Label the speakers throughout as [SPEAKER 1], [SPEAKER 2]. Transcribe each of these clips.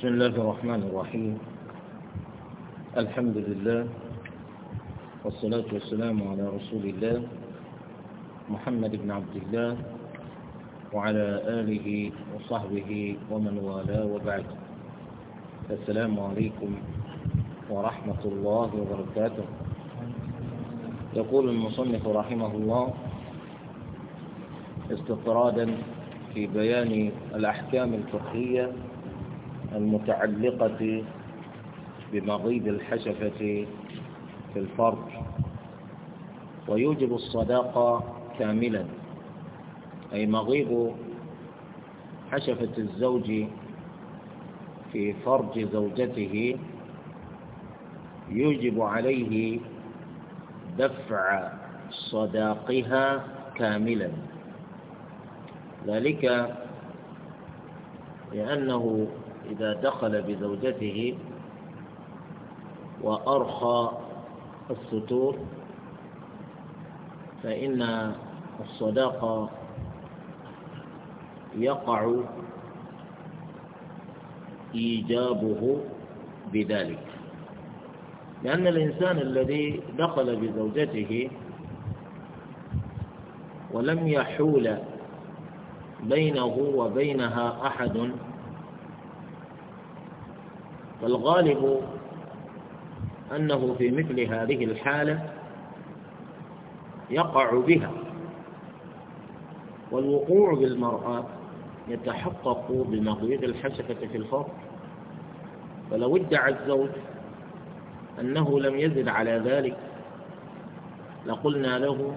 [SPEAKER 1] بسم الله الرحمن الرحيم الحمد لله والصلاة والسلام على رسول الله محمد بن عبد الله وعلى آله وصحبه ومن والاه وبعد السلام عليكم ورحمة الله وبركاته يقول المصنف رحمه الله استطرادا في بيان الأحكام الفقهية المتعلقة بمغيب الحشفة في الفرج ويوجب الصداقة كاملا أي مغيب حشفة الزوج في فرج زوجته يوجب عليه دفع صداقها كاملا ذلك لأنه إذا دخل بزوجته وأرخى الستور فإن الصداقة يقع إيجابه بذلك لأن الإنسان الذي دخل بزوجته ولم يحول بينه وبينها أحد فالغالب أنه في مثل هذه الحالة يقع بها والوقوع بالمرأة يتحقق بمقيد الحشفة في الفرق فلو ادعى الزوج أنه لم يزد على ذلك لقلنا له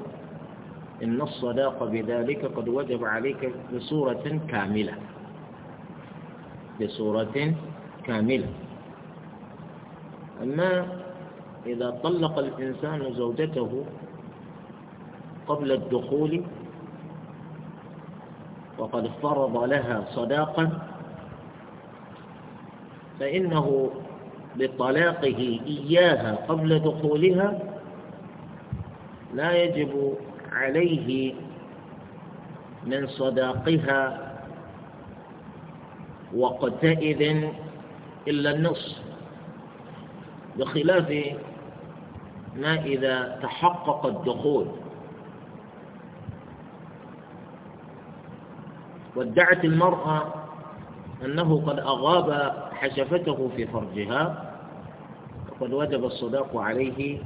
[SPEAKER 1] إن الصداق بذلك قد وجب عليك بصورة كاملة بصورة كاملة أما إذا طلق الإنسان زوجته قبل الدخول وقد فرض لها صداقا فإنه بطلاقه إياها قبل دخولها لا يجب عليه من صداقها وقتئذ إلا النصف بخلاف ما إذا تحقق الدخول وادعت المرأة أنه قد أغاب حشفته في فرجها فقد وجب الصداق عليه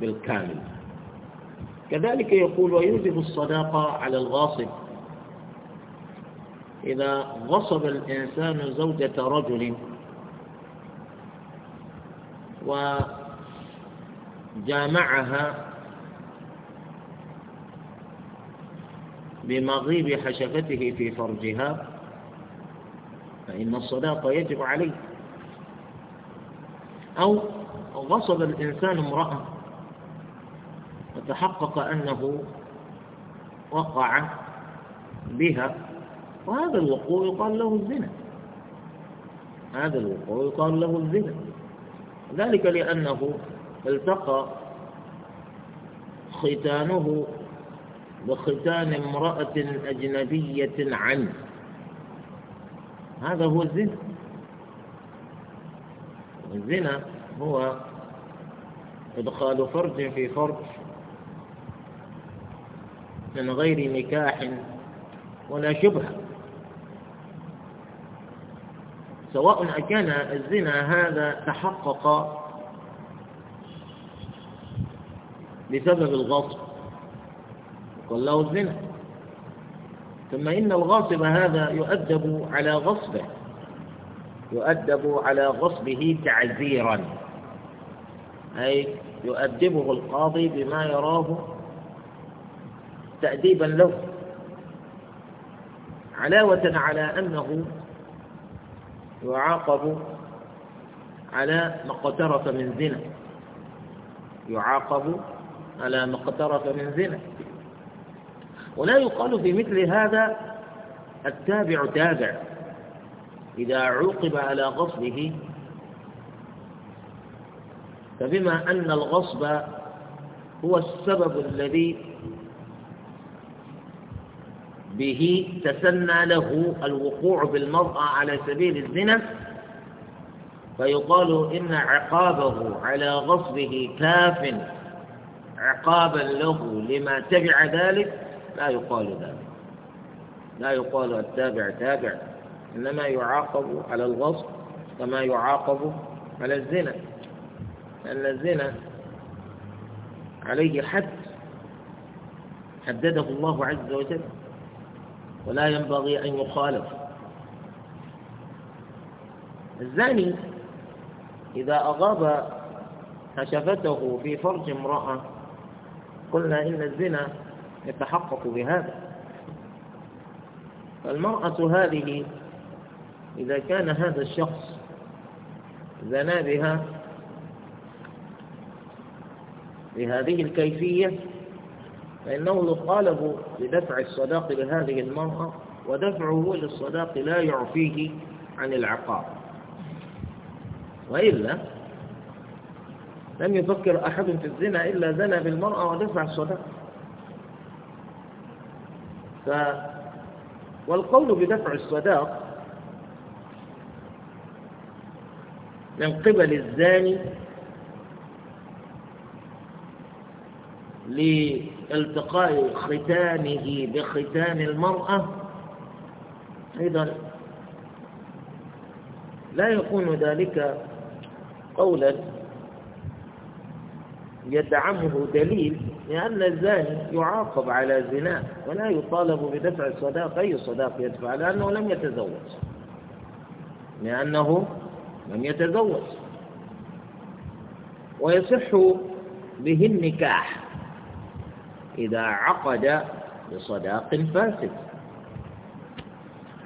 [SPEAKER 1] بالكامل كذلك يقول ويوجب الصداقة على الغاصب إذا غصب الإنسان زوجة رجل وجامعها بمغيب حشفته في فرجها فإن الصداقة يجب عليه أو غصب الإنسان امرأة وتحقق أنه وقع بها وهذا الوقوع يقال له الزنا هذا الوقوع يقال له الزنا ذلك لأنه التقى ختانه بختان امرأة أجنبية عنه هذا هو الزنا الزنا هو إدخال فرج في فرج من غير نكاح ولا شبهه سواء أكان الزنا هذا تحقق بسبب الغصب يقول له الزنا ثم إن الغاصب هذا يؤدب على غصبه يؤدب على غصبه تعزيرا أي يؤدبه القاضي بما يراه تأديبا له علاوة على أنه يعاقب على ما اقترف من زنا يعاقب على ما اقترف من زنا ولا يقال في مثل هذا التابع تابع إذا عوقب على غصبه فبما أن الغصب هو السبب الذي به تسنى له الوقوع بالمرأة على سبيل الزنا فيقال إن عقابه على غصبه كاف عقابا له لما تبع ذلك لا يقال ذلك لا يقال التابع تابع إنما يعاقب على الغصب كما يعاقب على الزنا لأن الزنا عليه حد حدده الله عز وجل ولا ينبغي أن يخالف الزاني إذا أغاب كشفته في فرج امرأة قلنا إن الزنا يتحقق بهذا فالمرأة هذه إذا كان هذا الشخص زنا بها بهذه الكيفية فإنه يطالب بدفع الصداق لهذه المرأة ودفعه للصداق لا يعفيه عن العقاب وإلا لم يفكر أحد في الزنا إلا زنى بالمرأة ودفع الصداق ف والقول بدفع الصداق من قبل الزاني التقاء ختانه بختان المرأة أيضا لا يكون ذلك قولا يدعمه دليل لأن الزاني يعاقب على زناه ولا يطالب بدفع الصداق أي صداق يدفع لأنه لم يتزوج لأنه لم يتزوج ويصح به النكاح إذا عقد بصداق فاسد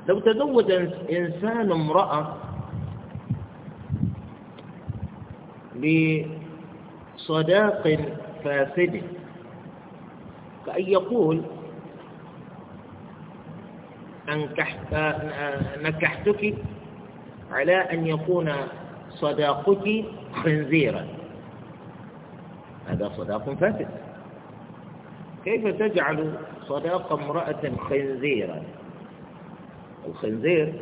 [SPEAKER 1] لو تزوج إنسان امرأة بصداق فاسد كأن يقول أنكحت نكحتك على أن يكون صداقك خنزيرا هذا صداق فاسد كيف تجعل صداق امرأة خنزيرا الخنزير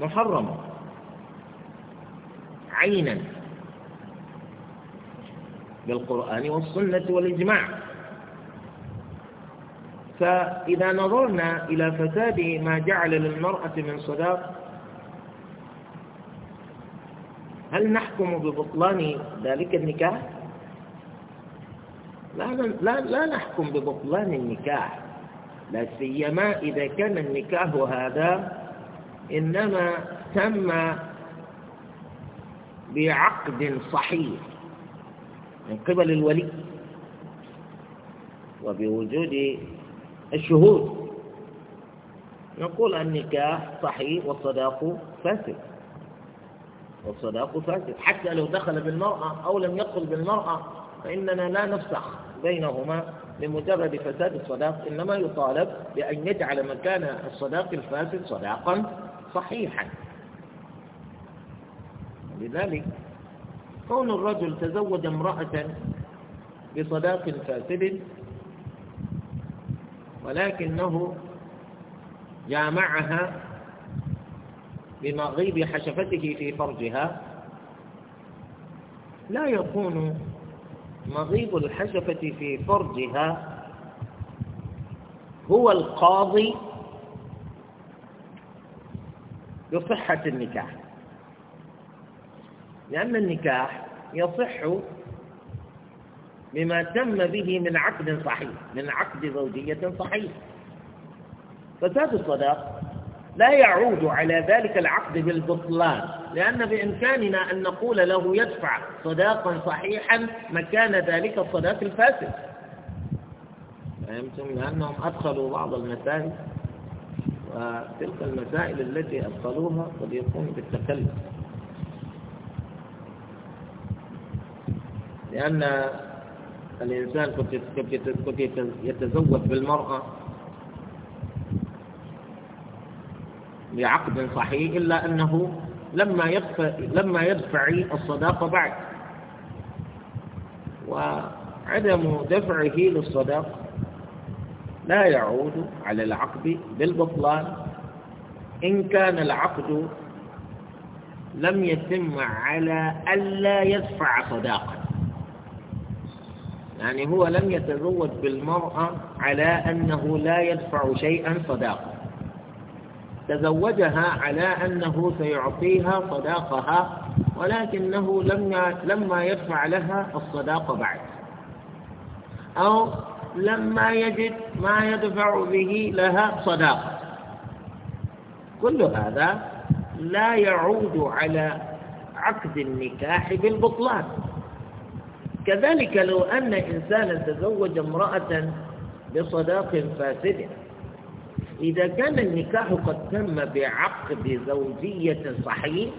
[SPEAKER 1] محرم عينا بالقرآن والسنة والإجماع فإذا نظرنا إلى فساد ما جعل للمرأة من صداق هل نحكم ببطلان ذلك النكاح؟ لا, لا, لا نحكم ببطلان النكاح لا سيما إذا كان النكاح هذا إنما تم بعقد صحيح من قبل الولي وبوجود الشهود نقول النكاح صحيح والصداق فاسد والصداق فاسد حتى لو دخل بالمرأة أو لم يدخل بالمرأة فإننا لا نفسخ بينهما لمجرد فساد الصداق إنما يطالب بأن يجعل مكان الصداق الفاسد صداقا صحيحا لذلك كون الرجل تزوج امرأة بصداق فاسد ولكنه جامعها بمغيب حشفته في فرجها لا يكون مغيب الحشفة في فرجها هو القاضي بصحة النكاح لأن النكاح يصح بما تم به من عقد صحيح من عقد زوجية صحيح فساد الصداق لا يعود على ذلك العقد بالبطلان لأن بإمكاننا أن نقول له يدفع صداقا صحيحا مكان ذلك الصداق الفاسد فهمتم لأنهم أدخلوا بعض المسائل وتلك المسائل التي أدخلوها قد يكون بالتكلف لأن الإنسان قد يتزوج بالمرأة بعقد صحيح إلا أنه لما يدفع لما يدفع الصداقة بعد وعدم دفعه للصداقة لا يعود على العقد بالبطلان إن كان العقد لم يتم على ألا يدفع صداقة يعني هو لم يتزوج بالمرأة على أنه لا يدفع شيئا صداقة تزوجها على أنه سيعطيها صداقها ولكنه لما, لما يدفع لها الصداقة بعد أو لما يجد ما يدفع به لها صداقة كل هذا لا يعود على عقد النكاح بالبطلان كذلك لو أن إنسانا تزوج امرأة بصداق فاسد إذا كان النكاح قد تم بعقد زوجية صحيح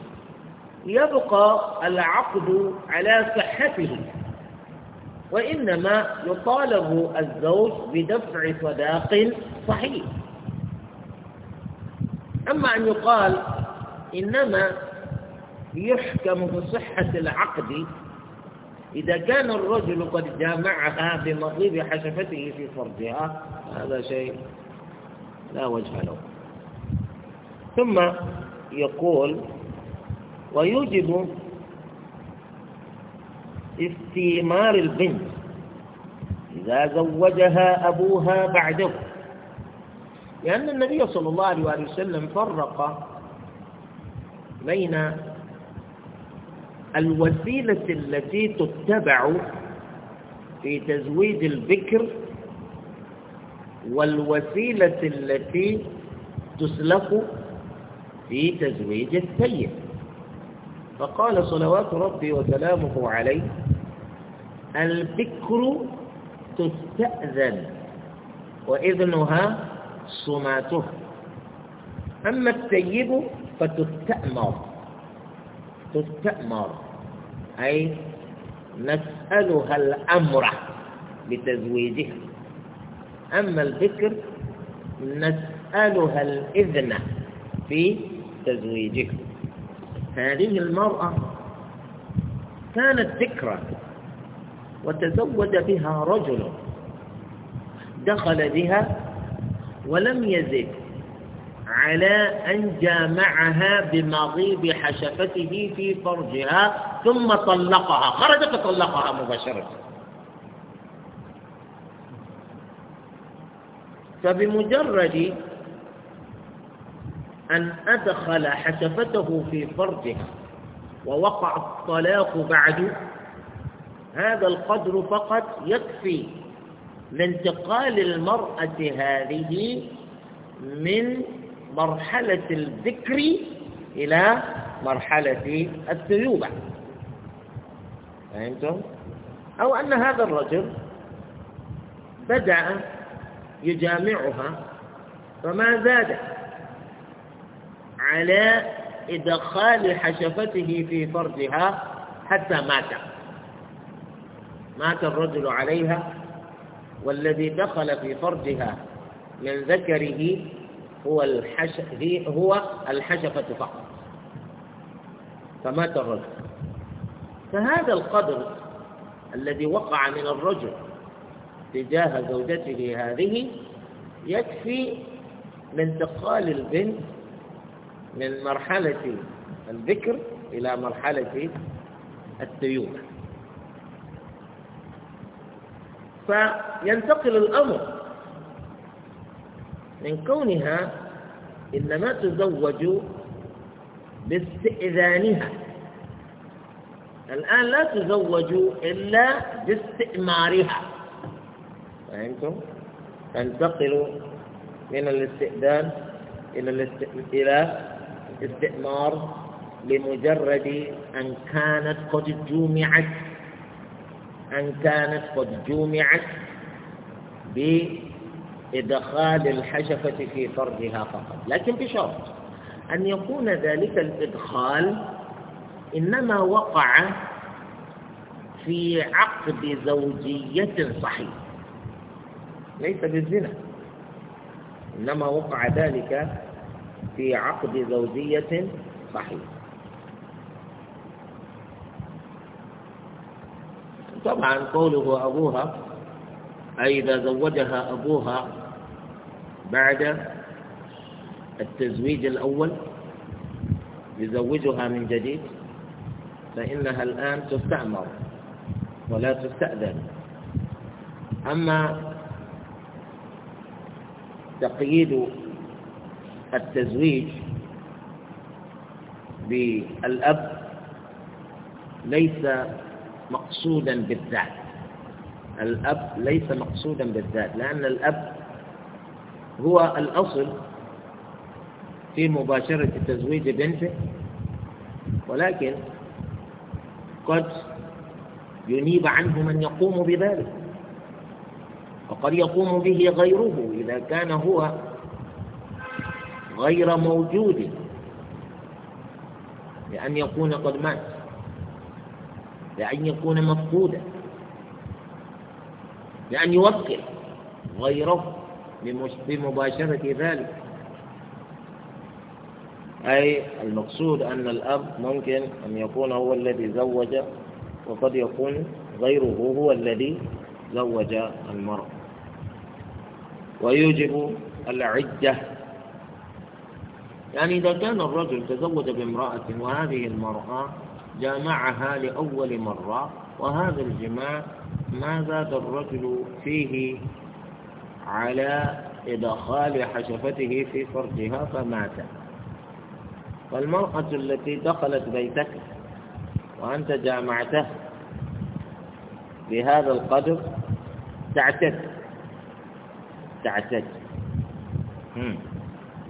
[SPEAKER 1] يبقى العقد على صحته وإنما يطالب الزوج بدفع صداق صحيح أما أن يقال إنما يحكم بصحة العقد إذا كان الرجل قد جامعها بمضيب حشفته في فرجها هذا شيء لا وجه له ثم يقول ويوجب استيمار البنت إذا زوجها أبوها بعده لأن النبي صلى الله عليه وسلم فرق بين الوسيلة التي تتبع في تزويد البكر والوسيلة التي تسلك في تزويج السيد فقال صلوات ربي وسلامه عليه البكر تستأذن وإذنها صماته أما السيد فتستأمر تستأمر أي نسألها الأمر بتزويجها أما البكر نسألها الإذن في تزويجه هذه المرأة كانت ذكرى وتزوج بها رجل دخل بها ولم يزد على أن جامعها بمغيب حشفته في فرجها ثم طلقها خرجت فطلقها مباشرة فبمجرد أن أدخل حشفته في فرجها ووقع الطلاق بعد هذا القدر فقط يكفي لانتقال المرأة هذه من مرحلة الذكر إلى مرحلة التيوبة فهمتم؟ أو أن هذا الرجل بدأ يجامعها فما زاد على إدخال حشفته في فرجها حتى مات مات الرجل عليها والذي دخل في فرجها من ذكره هو الحشف هو الحشفة فقط فمات الرجل فهذا القدر الذي وقع من الرجل تجاه زوجته هذه يكفي لانتقال البنت من مرحلة الذكر إلى مرحلة التيوم فينتقل الأمر من كونها إنما تزوج باستئذانها الآن لا تزوج إلا باستئمارها فهمتم؟ تنتقل من الاستئذان إلى الاست... إلى استئمار لمجرد أن كانت قد جمعت أن كانت قد جمعت بإدخال الحشفة في فرجها فقط لكن بشرط أن يكون ذلك الإدخال إنما وقع في عقد زوجية صحيح ليس بالزنا إنما وقع ذلك في عقد زوجية صحيح طبعا قوله أبوها أي إذا زوجها أبوها بعد التزويج الأول يزوجها من جديد فإنها الآن تستعمر ولا تستأذن أما تقييد التزويج بالأب ليس مقصودا بالذات الأب ليس مقصودا بالذات لأن الأب هو الأصل في مباشرة تزويج بنته ولكن قد ينيب عنه من يقوم بذلك وقد يقوم به غيره إذا كان هو غير موجود لأن يكون قد مات لأن يكون مفقودا لأن يوكل غيره بمباشرة ذلك أي المقصود أن الأب ممكن أن يكون هو الذي زوج وقد يكون غيره هو الذي زوج المرأة ويوجب العدة يعني إذا كان الرجل تزوج بامرأة وهذه المرأة جامعها لأول مرة وهذا الجماع ما زاد الرجل فيه على إدخال حشفته في فرجها فمات فالمرأة التي دخلت بيتك وأنت جامعته بهذا القدر تعتد تعتد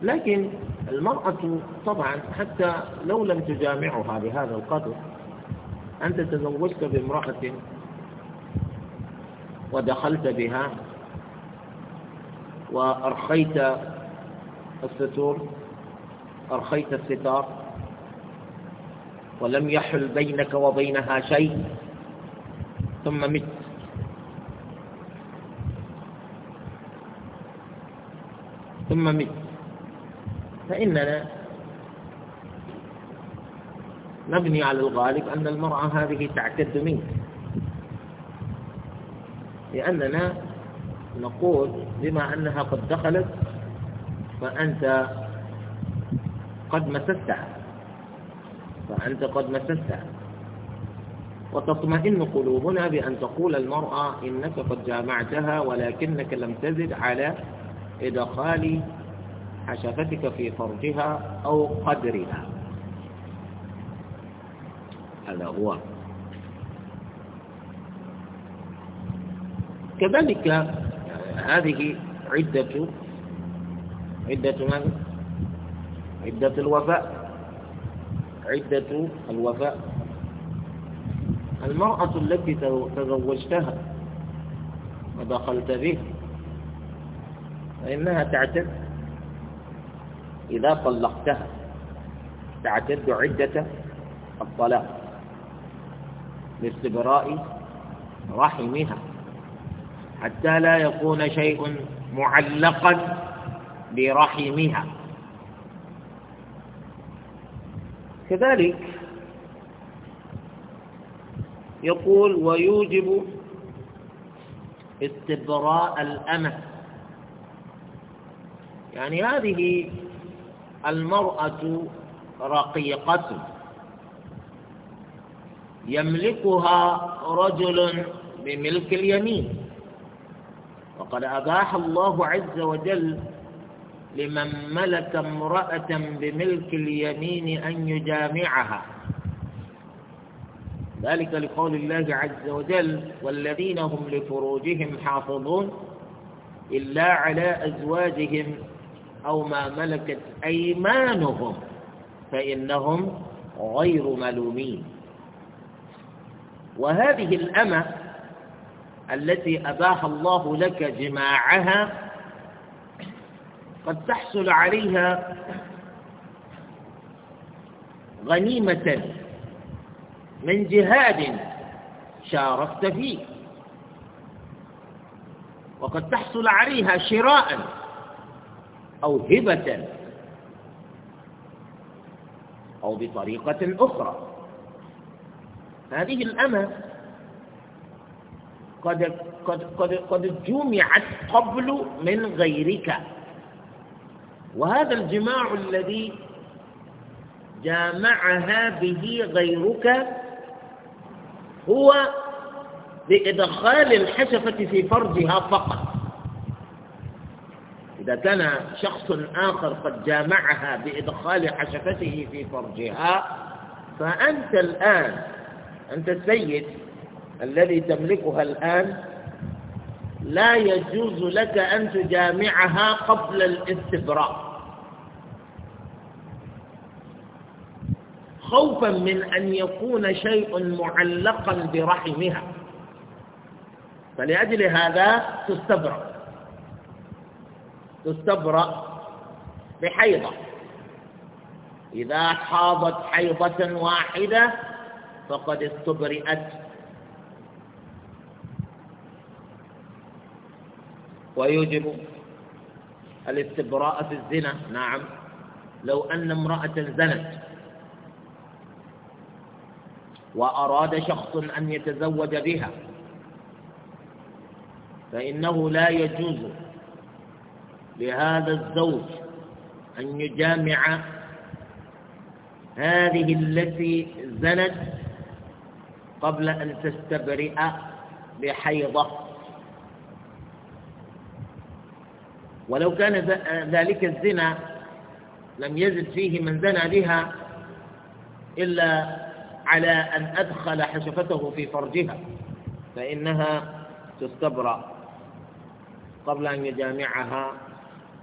[SPEAKER 1] لكن المرأة طبعا حتى لو لم تجامعها بهذا القدر أنت تزوجت بامرأة ودخلت بها وأرخيت الستور أرخيت الستار ولم يحل بينك وبينها شيء ثم مت ثم من فإننا نبني على الغالب أن المرأة هذه تعتد منك لأننا نقول بما أنها قد دخلت فأنت قد مسستها فأنت قد مسستها وتطمئن قلوبنا بأن تقول المرأة إنك قد جامعتها ولكنك لم تزد على إدخال حشفتك في فرجها أو قدرها هذا هو كذلك هذه عدة عدة من؟ عدة الوفاء عدة الوفاء المرأة التي تزوجتها ودخلت به فإنها تعتد إذا طلقتها تعتد عدة الطلاق لاستبراء رحمها حتى لا يكون شيء معلقا برحمها كذلك يقول ويوجب استبراء الأمة يعني هذه المرأة رقيقة يملكها رجل بملك اليمين وقد أباح الله عز وجل لمن ملك امرأة بملك اليمين أن يجامعها ذلك لقول الله عز وجل والذين هم لفروجهم حافظون إلا على أزواجهم أو ما ملكت أيمانهم فإنهم غير ملومين وهذه الأمة التي أباح الله لك جماعها قد تحصل عليها غنيمة من جهاد شاركت فيه وقد تحصل عليها شراءً أو هبة أو بطريقة أخرى هذه الأمة قد قد قد قد جمعت قبل من غيرك وهذا الجماع الذي جامعها به غيرك هو بإدخال الحشفة في فرجها فقط إذا كان شخص آخر قد جامعها بإدخال حشفته في فرجها فأنت الآن أنت السيد الذي تملكها الآن لا يجوز لك أن تجامعها قبل الاستبراء خوفا من أن يكون شيء معلقا برحمها فلأجل هذا تستبرأ تستبرأ بحيضة إذا حاضت حيضة واحدة فقد استبرئت ويوجب الاستبراء في الزنا نعم لو أن امرأة زنت وأراد شخص أن يتزوج بها فإنه لا يجوز لهذا الزوج أن يجامع هذه التي زنت قبل أن تستبرئ بحيضة ولو كان ذلك الزنا لم يزد فيه من زنى بها إلا على أن أدخل حشفته في فرجها فإنها تستبرأ قبل أن يجامعها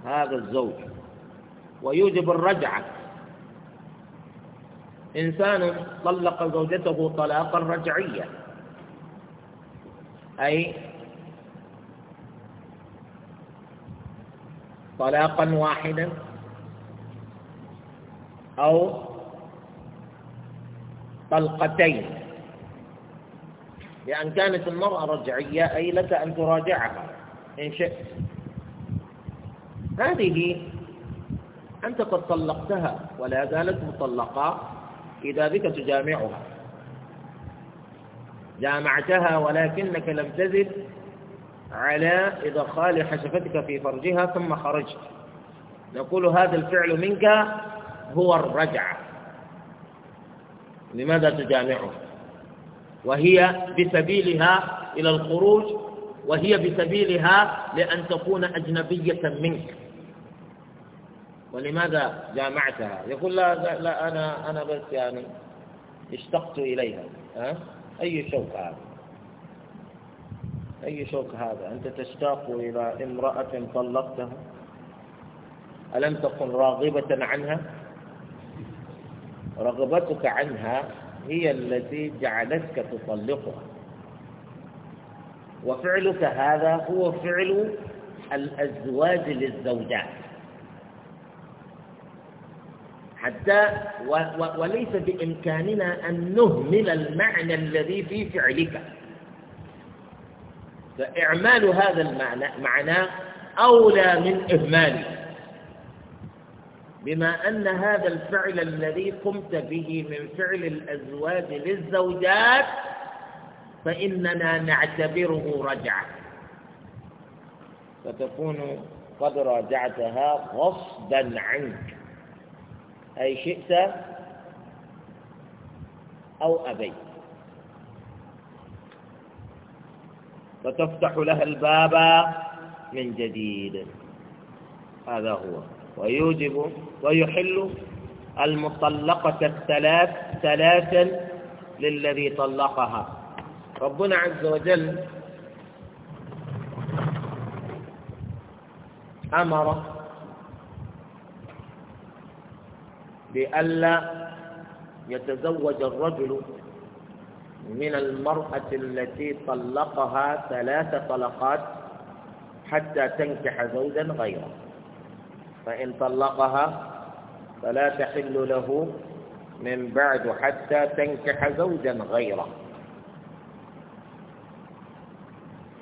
[SPEAKER 1] هذا الزوج ويوجب الرجعة إنسان طلق زوجته طلاقا رجعيا أي طلاقا واحدا أو طلقتين لأن كانت المرأة رجعية أي لك أن تراجعها إن شئت هذه أنت قد طلقتها ولا زالت مطلقة إذا بك تجامعها جامعتها ولكنك لم تزد على إدخال حشفتك في فرجها ثم خرجت نقول هذا الفعل منك هو الرجعة لماذا تجامعه وهي بسبيلها إلى الخروج وهي بسبيلها لأن تكون أجنبية منك ولماذا جامعتها يقول لا, لا, لا أنا أنا بس يعني اشتقت إليها أه؟ أي شوق هذا أي شوق هذا أنت تشتاق إلى امرأة طلقتها ألم تكن راغبة عنها رغبتك عنها هي التي جعلتك تطلقها وفعلك هذا هو فعل الأزواج للزوجات حتى و و وليس بإمكاننا أن نهمل المعنى الذي في فعلك فإعمال هذا المعنى معناه أولى من إهماله بما أن هذا الفعل الذي قمت به من فعل الأزواج للزوجات فإننا نعتبره رجعة فتكون قد راجعتها غصبا عنك أي شئت أو أبيت فتفتح لها الباب من جديد هذا هو ويوجب ويحل المطلقة الثلاث ثلاثا للذي طلقها ربنا عز وجل أمر بألا يتزوج الرجل من المرأة التي طلقها ثلاث طلقات حتى تنكح زوجا غيره فإن طلقها فلا تحل له من بعد حتى تنكح زوجا غيره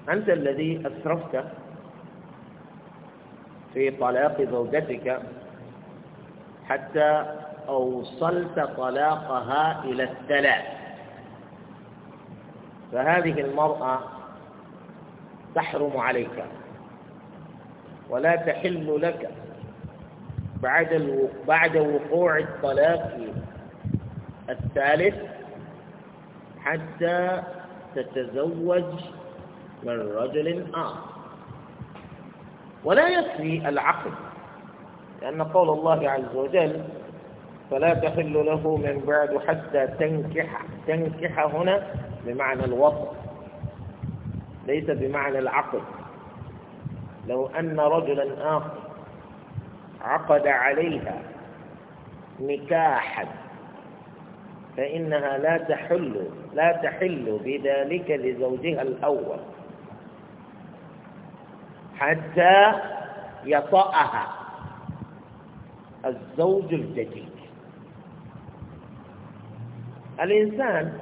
[SPEAKER 1] أنت الذي أسرفت في طلاق زوجتك حتى أوصلت طلاقها إلى الثلاث فهذه المرأة تحرم عليك ولا تحل لك بعد بعد وقوع الطلاق الثالث حتى تتزوج من رجل آخر ولا يكفي العقل لأن قول الله عز وجل فلا تحل له من بعد حتى تنكح تنكح هنا بمعنى الوطن ليس بمعنى العقد لو أن رجلا آخر عقد عليها نكاحا فإنها لا تحل لا تحل بذلك لزوجها الأول حتى يطأها الزوج الجديد الإنسان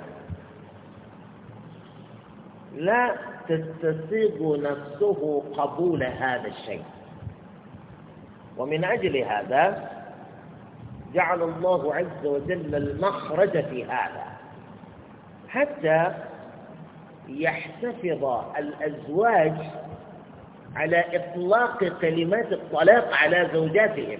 [SPEAKER 1] لا تستسيغ نفسه قبول هذا الشيء ومن أجل هذا جعل الله عز وجل المخرج في هذا حتى يحتفظ الأزواج على إطلاق كلمات الطلاق على زوجاتهم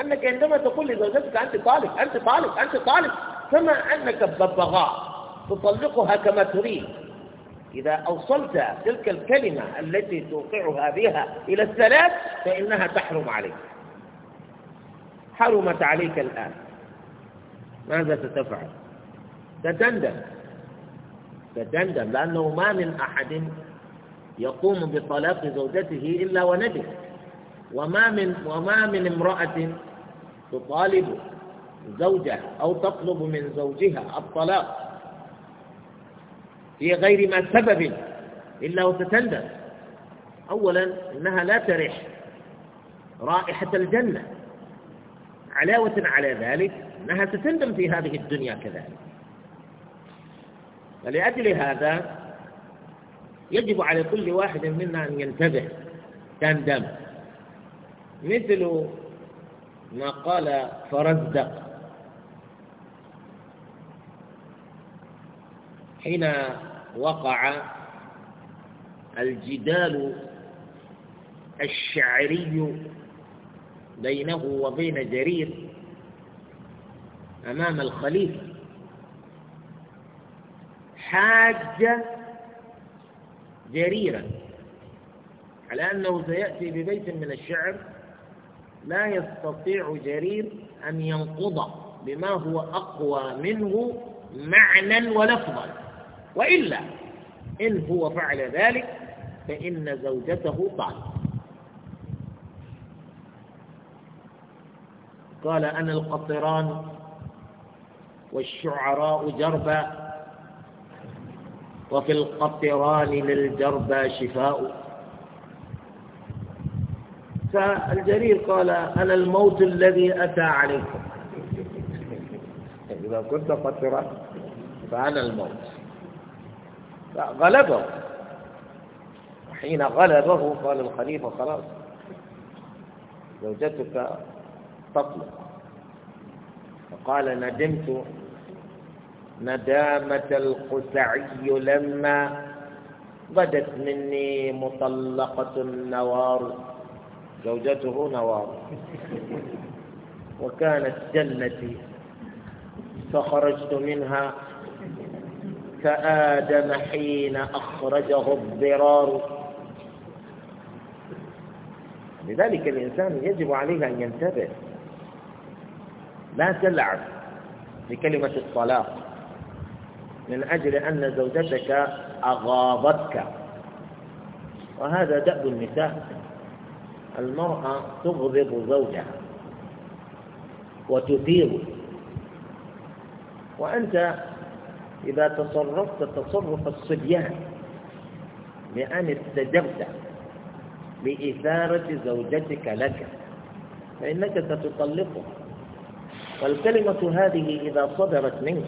[SPEAKER 1] أنك عندما تقول لزوجتك أنت طالب أنت طالب أنت طالب كما أنك ببغاء تطلقها كما تريد إذا أوصلت تلك الكلمة التي توقعها بها إلى الثلاث فإنها تحرم عليك حرمت عليك الآن ماذا ستفعل ستندم ستندم لأنه ما من أحد يقوم بطلاق زوجته إلا وندم وما من وما من امرأة تطالب زوجها أو تطلب من زوجها الطلاق في غير ما سبب إلا وتتندم أولا إنها لا ترح رائحة الجنة علاوة على ذلك أنها تتندم في هذه الدنيا كذلك فلأجل هذا يجب على كل واحد منا أن ينتبه تندم مثل ما قال فرزدق حين وقع الجدال الشعري بينه وبين جرير أمام الخليفة حاج جريرا على أنه سيأتي ببيت من الشعر لا يستطيع جرير أن ينقض بما هو أقوى منه معنى ولفظا وإلا إن هو فعل ذلك فإن زوجته طالب قال أنا القطران والشعراء جربا وفي القطران للجربى شفاء فالجرير قال أنا الموت الذي أتى عليكم إذا كنت قترا فأنا الموت فغلبه وحين غلبه قال الخليفة خلاص زوجتك تطلق فقال ندمت ندامة القسعي لما بدت مني مطلقة النوار زوجته نوار وكانت جنتي فخرجت منها كآدم حين أخرجه الضرار لذلك الإنسان يجب عليه أن ينتبه لا تلعب بكلمة الطلاق من أجل أن زوجتك أغاضتك وهذا دأب النساء المرأة تغضب زوجها وتثيره وأنت إذا تصرفت تصرف الصبيان بأن استجبت لإثارة زوجتك لك فإنك ستطلقها والكلمة هذه إذا صدرت منك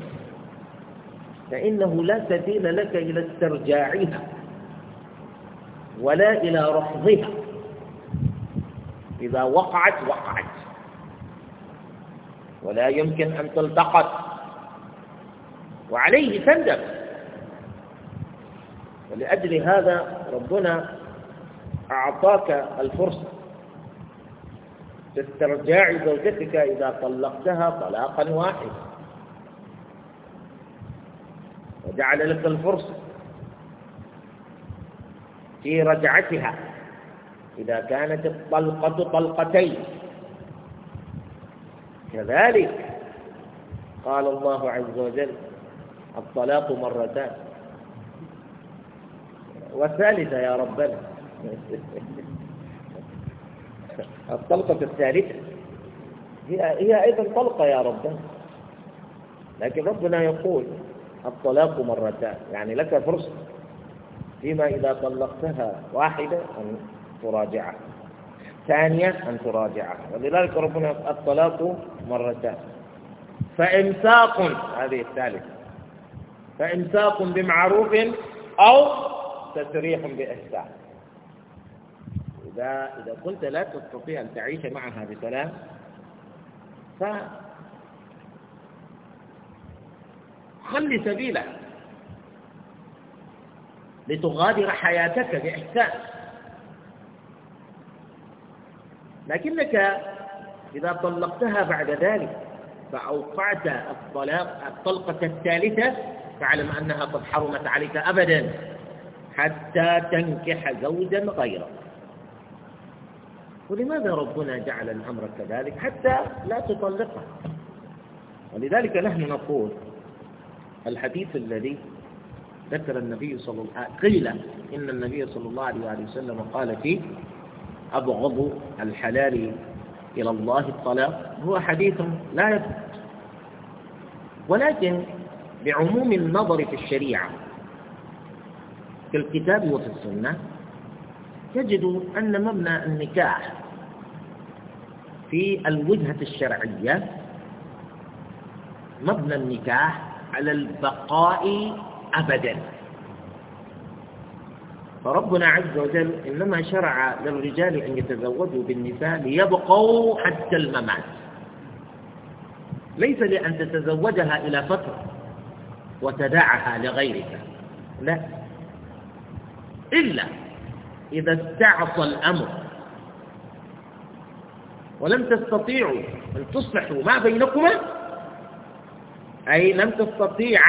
[SPEAKER 1] فإنه لا سبيل لك إلى استرجاعها ولا إلى رفضها إذا وقعت وقعت ولا يمكن أن تلتقط وعليه تندم ولأجل هذا ربنا أعطاك الفرصة تسترجع زوجتك إذا طلقتها طلاقا واحدا وجعل لك الفرصة في رجعتها إذا كانت الطلقة طلقتين كذلك قال الله عز وجل الطلاق مرتان والثالثة يا ربنا الطلقة الثالثة هي هي أيضا طلقة يا ربنا لكن ربنا يقول الطلاق مرتان يعني لك فرصة فيما إذا طلقتها واحدة أن تراجعه ثانيا أن تراجعه ولذلك ربنا الطلاق مرتان فإمساق هذه الثالثة فإمساق بمعروف أو تسريح بإحسان إذا إذا كنت لا تستطيع أن تعيش معها بسلام ف خلي سبيلك لتغادر حياتك بإحسان لكنك إذا طلقتها بعد ذلك فأوقعت الطلاق الطلقة الثالثة فاعلم أنها قد حرمت عليك أبدا حتى تنكح زوجا غيره ولماذا ربنا جعل الأمر كذلك حتى لا تطلقها ولذلك نحن نقول الحديث الذي ذكر النبي صلى الله عليه وسلم قيل إن النبي صلى الله عليه وسلم قال فيه أبغض الحلال إلى الله الطلاق هو حديث لا يثبت ولكن بعموم النظر في الشريعة في الكتاب وفي السنة تجد أن مبنى النكاح في الوجهة الشرعية مبنى النكاح على البقاء أبدا فربنا عز وجل إنما شرع للرجال أن يتزوجوا بالنساء ليبقوا حتى الممات ليس لأن تتزوجها إلى فترة وتدعها لغيرك لا إلا إذا استعصى الأمر ولم تستطيعوا أن تصلحوا ما بينكما أي لم تستطيع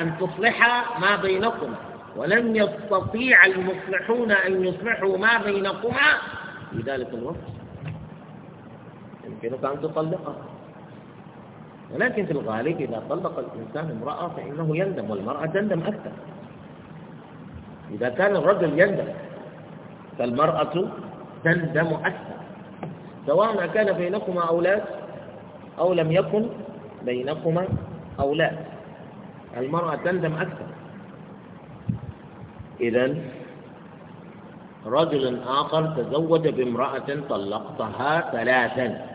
[SPEAKER 1] أن تصلح ما بينكما ولم يستطيع المصلحون أن يصلحوا ما بينكما في ذلك الوقت يمكنك أن تطلقها ولكن في الغالب إذا طلق الإنسان امرأة فإنه يندم والمرأة تندم أكثر إذا كان الرجل يندم فالمرأة تندم أكثر سواء ما كان بينكما أولاد أو لم يكن بينكما أولاد المرأة تندم أكثر إذا رجل آخر تزوج بامرأة طلقتها ثلاثا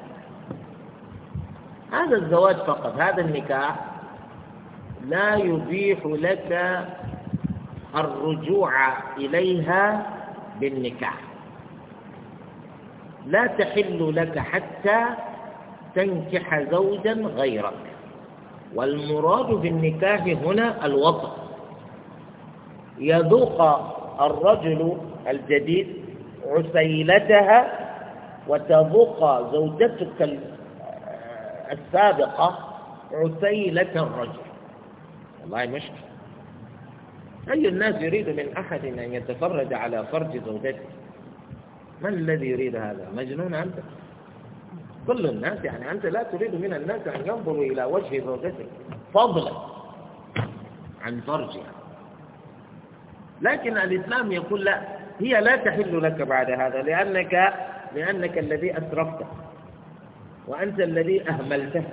[SPEAKER 1] هذا الزواج فقط هذا النكاح لا يبيح لك الرجوع إليها بالنكاح لا تحل لك حتى تنكح زوجا غيرك والمراد بالنكاح هنا الوطن يذوق الرجل الجديد عسيلتها وتذوق زوجتك السابقة عسيلة الرجل والله مشكلة أي الناس يريد من أحد أن يتفرج على فرج زوجته ما الذي يريد هذا مجنون أنت كل الناس يعني أنت لا تريد من الناس أن ينظروا إلى وجه زوجتك فضلا عن فرجها لكن الإسلام يقول لا هي لا تحل لك بعد هذا لأنك لأنك الذي أسرفته وأنت الذي أهملته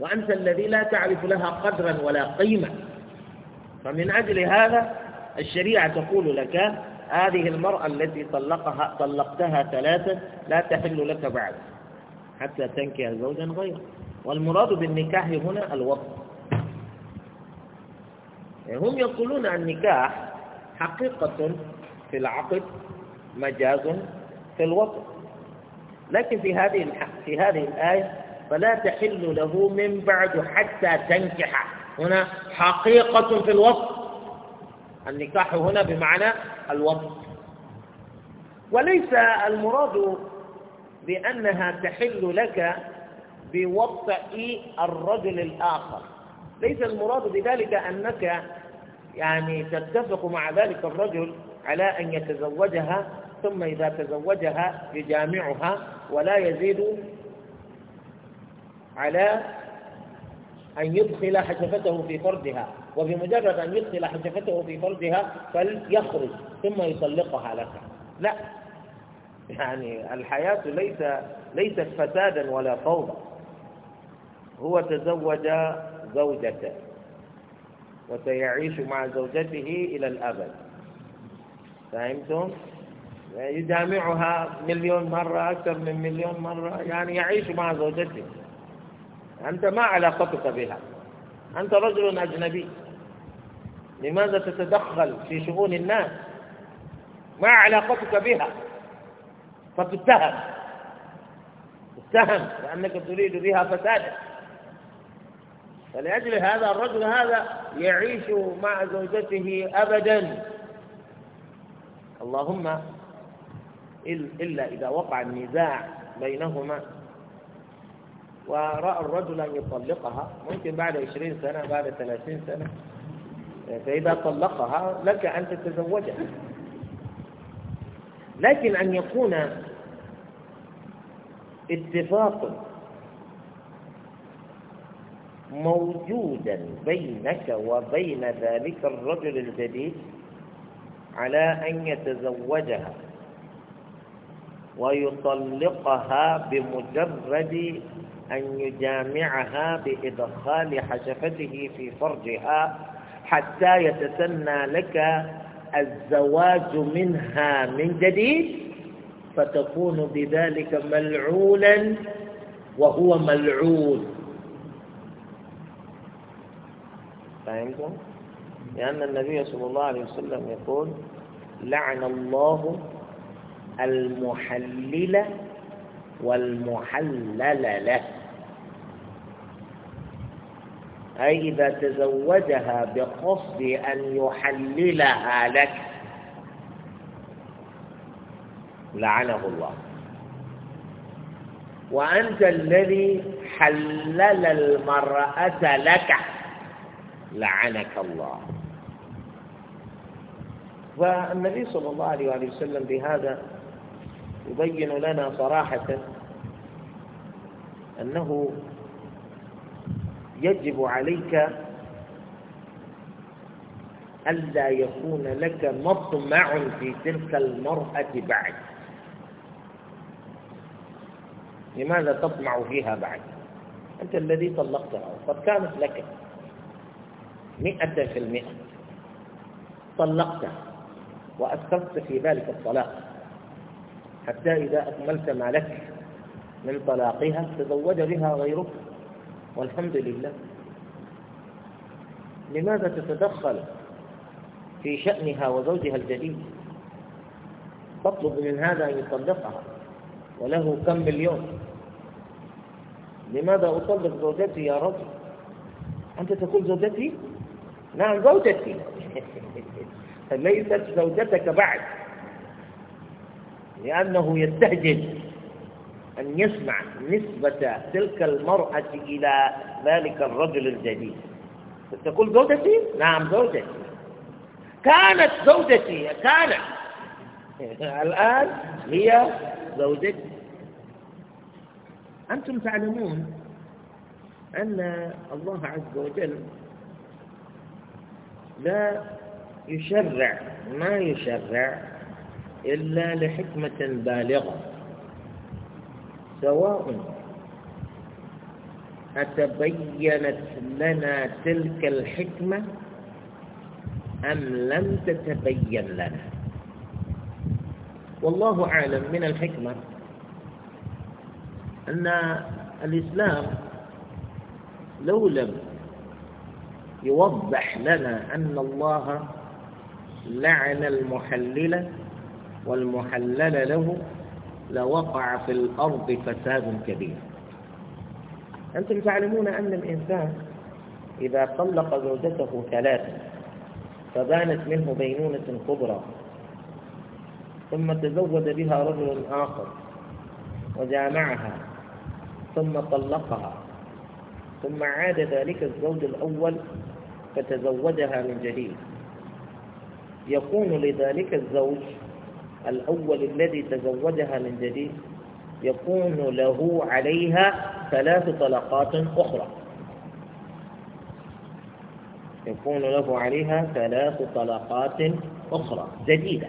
[SPEAKER 1] وأنت الذي لا تعرف لها قدرا ولا قيمة فمن أجل هذا الشريعة تقول لك هذه المرأة التي طلقها طلقتها ثلاثة لا تحل لك بعد حتى تنكح زوجا غيره والمراد بالنكاح هنا الوصف هم يقولون النكاح حقيقة في العقد مجاز في الوطن لكن في هذه في هذه الآية فلا تحل له من بعد حتى تنكح هنا حقيقة في الوطن النكاح هنا بمعنى الوطن وليس المراد بأنها تحل لك بوطئ الرجل الآخر ليس المراد بذلك أنك يعني تتفق مع ذلك الرجل على أن يتزوجها ثم إذا تزوجها يجامعها ولا يزيد على أن يدخل حشفته في فرجها وبمجرد أن يدخل حشفته في فرجها فليخرج ثم يطلقها لك لا يعني الحياة ليس ليست فسادا ولا فوضى هو تزوج زوجته وسيعيش مع زوجته إلى الأبد فهمتم؟ يجامعها مليون مرة أكثر من مليون مرة يعني يعيش مع زوجته أنت ما علاقتك بها أنت رجل أجنبي لماذا تتدخل في شؤون الناس ما علاقتك بها فتتهم تتهم لأنك تريد بها فسادك فلأجل هذا الرجل هذا يعيش مع زوجته أبدا اللهم إلا إذا وقع النزاع بينهما ورأى الرجل أن يطلقها ممكن بعد عشرين سنة بعد ثلاثين سنة فإذا طلقها لك أن تتزوجها لكن أن يكون اتفاق موجودا بينك وبين ذلك الرجل الجديد على أن يتزوجها ويطلقها بمجرد أن يجامعها بإدخال حشفته في فرجها حتى يتسنى لك الزواج منها من جديد فتكون بذلك ملعونا وهو ملعون فهمتم؟ لأن النبي صلى الله عليه وسلم يقول لعن الله المحلل والمحلل له أي إذا تزوجها بقصد أن يحللها لك لعنه الله وأنت الذي حلل المرأة لك لعنك الله فالنبي صلى الله عليه وسلم بهذا يبين لنا صراحة أنه يجب عليك ألا يكون لك مطمع في تلك المرأة بعد لماذا تطمع فيها بعد أنت الذي طلقتها وقد كانت لك مئة في المئة طلقت وأسقطت في ذلك الطلاق حتى إذا أكملت ما لك من طلاقها تزوج بها غيرك والحمد لله لماذا تتدخل في شأنها وزوجها الجديد تطلب من هذا أن يطلقها وله كم مليون لماذا أطلق زوجتي يا رجل أنت تقول زوجتي نعم زوجتي ليست زوجتك بعد لأنه يستهجن أن يسمع نسبة تلك المرأة إلى ذلك الرجل الجديد تقول زوجتي؟ نعم زوجتي كانت زوجتي كانت الآن هي زوجتي أنتم تعلمون أن الله عز وجل لا يشرع ما يشرع إلا لحكمة بالغة سواء أتبينت لنا تلك الحكمة أم لم تتبين لنا والله أعلم من الحكمة أن الإسلام لو لم يوضح لنا أن الله لعن المحلل والمحلل له لوقع في الأرض فساد كبير أنتم تعلمون أن الإنسان إذا طلق زوجته ثلاثا فبانت منه بينونة كبرى ثم تزوج بها رجل آخر وجامعها ثم طلقها ثم عاد ذلك الزوج الأول فتزوجها من جديد يكون لذلك الزوج الأول الذي تزوجها من جديد يكون له عليها ثلاث طلقات أخرى يكون له عليها ثلاث طلقات أخرى جديدة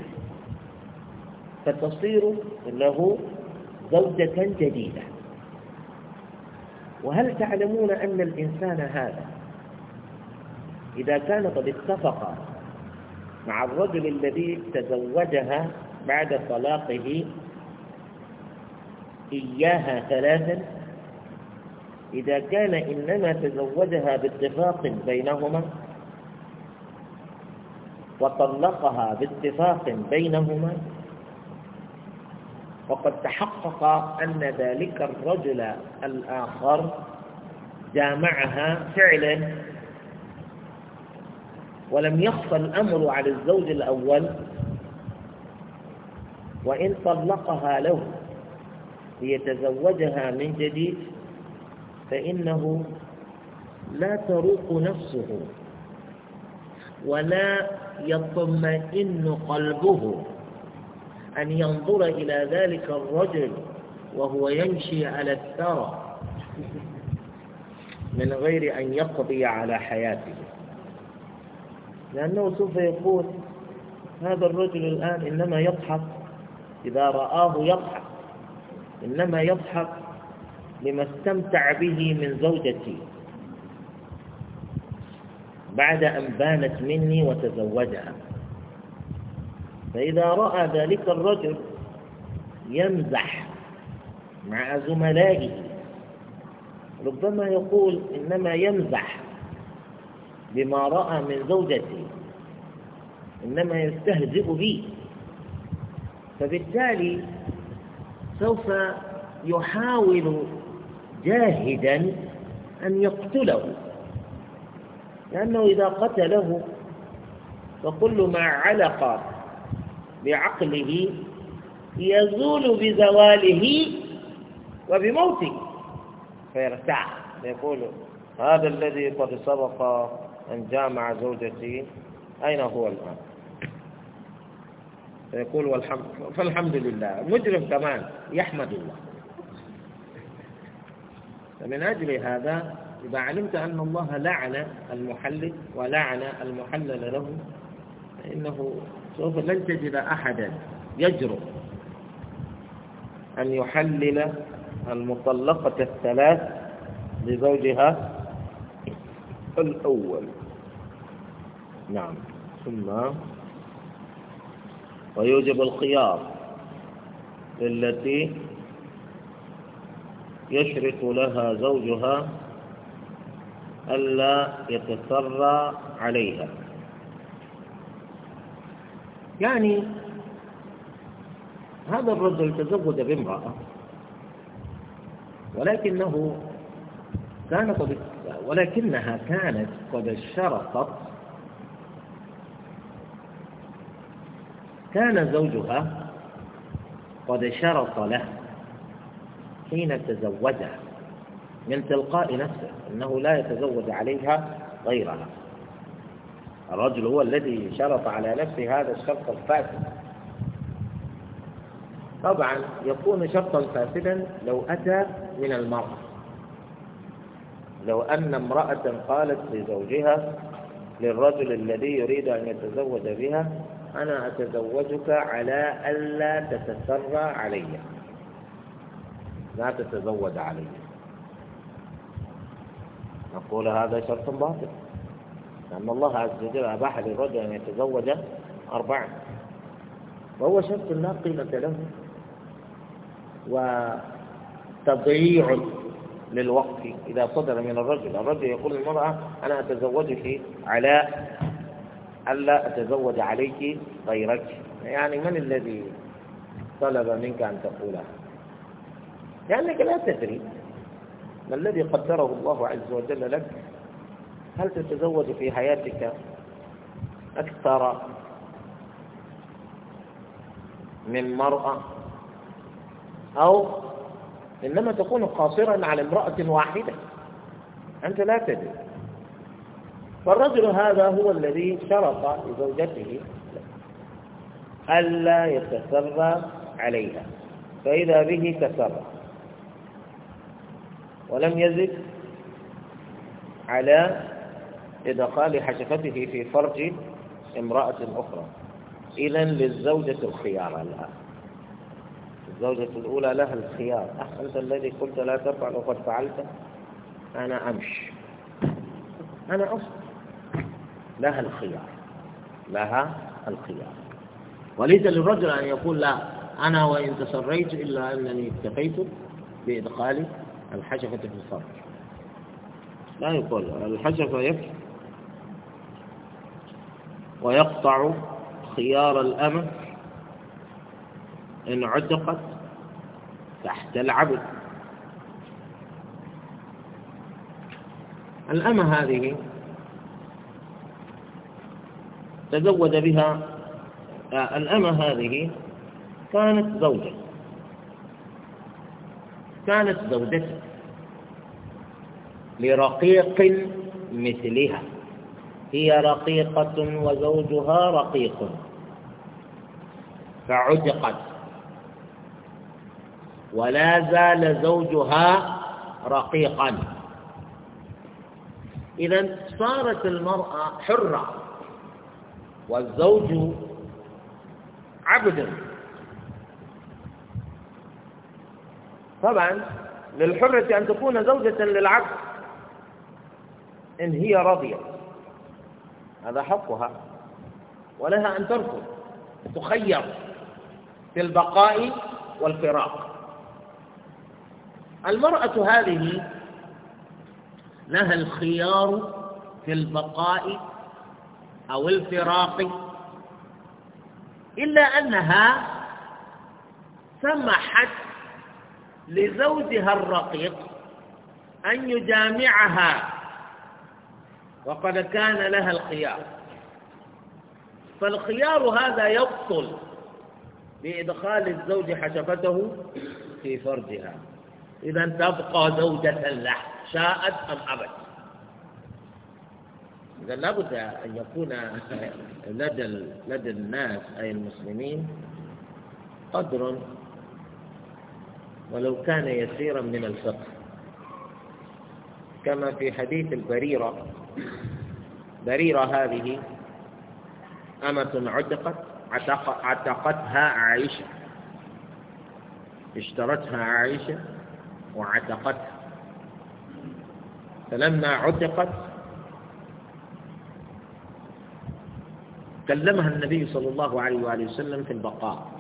[SPEAKER 1] فتصير له زوجة جديدة وهل تعلمون أن الإنسان هذا إذا كان قد اتفق مع الرجل الذي تزوجها بعد طلاقه إياها ثلاثا إذا كان إنما تزوجها باتفاق بينهما وطلقها باتفاق
[SPEAKER 2] بينهما
[SPEAKER 1] وقد تحقق أن ذلك الرجل الآخر جامعها فعلا ولم يخفى الأمر على الزوج الأول وإن طلقها له ليتزوجها من جديد فإنه لا تروق نفسه ولا يطمئن قلبه أن ينظر إلى ذلك الرجل وهو يمشي على الثرى من غير أن يقضي على حياته لأنه سوف يقول هذا الرجل الآن إنما يضحك إذا رآه يضحك إنما يضحك لما استمتع به من زوجتي بعد أن بانت مني وتزوجها فإذا رأى ذلك الرجل يمزح مع زملائه ربما يقول إنما يمزح بما رأى من زوجته إنما يستهزئ بي فبالتالي سوف يحاول جاهدا أن يقتله لأنه إذا قتله فكل ما علق بعقله يزول بزواله وبموته فيرتاح فيقول هذا الذي قد سبق أن جاء مع زوجتي أين هو الآن فيقول والحمد فالحمد لله مجرم كمان يحمد الله فمن أجل هذا إذا علمت أن الله لعن المحلل ولعن المحلل له فإنه سوف لن تجد أحدا يجرؤ أن يحلل المطلقة الثلاث لزوجها الأول نعم ثم ويوجب الخيار للتي يشرك لها زوجها ألا يتسرى عليها يعني هذا الرجل تزوج بامرأة ولكنه كان طبيب ولكنها كانت قد اشترطت كان زوجها قد شرط له حين تزوجها من تلقاء نفسه أنه لا يتزوج عليها غيرها الرجل هو الذي شرط على نفسه هذا الشرط الفاسد طبعا يكون شرطا فاسدا لو أتى من المرأة لو أن امرأة قالت لزوجها للرجل الذي يريد أن يتزوج بها أنا أتزوجك على ألا تتسرى علي لا تتزوج علي نقول هذا شرط باطل لأن الله عز وجل أباح للرجل أن يتزوج أربعة وهو شرط لا قيمة له وتضييع للوقف إذا صدر من الرجل الرجل يقول للمرأة أنا أتزوجك على ألا أتزوج عليك غيرك يعني من الذي طلب منك أن تقولها لأنك لا تدري ما الذي قدره الله عز وجل لك هل تتزوج في حياتك أكثر من مرأة أو إنما تكون قاصرا على امرأة واحدة أنت لا تدري فالرجل هذا هو الذي شرط لزوجته ألا يتسرى عليها فإذا به تسرى ولم يزد على إدخال حشفته في فرج امرأة أخرى إذا للزوجة الخيار الآن الزوجة الأولى لها الخيار أنت الذي قلت لا تفعل وقد فعلت أنا أمشي أنا أصبر لها الخيار لها الخيار وليس للرجل أن يقول لا أنا وإن تسريت إلا أنني اكتفيت بإدخال الحشفة في الصدر لا يقول الحشفة يكفي ويقطع خيار الأمن إن عتقت تحت العبد الأمة هذه تزود بها الأمة هذه كانت زوجة كانت زوجته لرقيق مثلها هي رقيقة وزوجها رقيق فعتقت ولا زال زوجها رقيقا إذا صارت المرأة حرة والزوج عبدا طبعا للحرة أن تكون زوجة للعبد إن هي راضية هذا حقها ولها أن ترفض تخير في البقاء والفراق المرأة هذه لها الخيار في البقاء أو الفراق إلا أنها سمحت لزوجها الرقيق أن يجامعها وقد كان لها الخيار فالخيار هذا يبطل بإدخال الزوج حشفته في فرجها إذا تبقى زوجة له شاءت أم أبت إذا لابد أن يكون لدى لدى الناس أي المسلمين قدر ولو كان يسيرا من الفقه كما في حديث البريرة بريرة هذه أمة عتقت عتقتها عائشة اشترتها عائشة وعتقتها فلما عتقت كلمها النبي صلى الله عليه وآله وسلم في البقاء